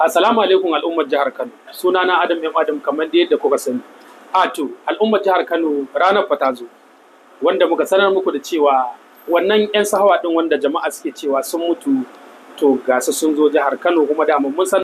Assalamu alaikum al'ummar jihar Kano. Sunana Adam M. Adam kamar da yadda kuka sani. Ato, al'ummar jihar Kano ranar ta zo, wanda muka sanar muku da cewa wannan 'yan sahawa ɗin wanda jama'a suke cewa sun mutu to gasa sun zo jihar Kano kuma da mun san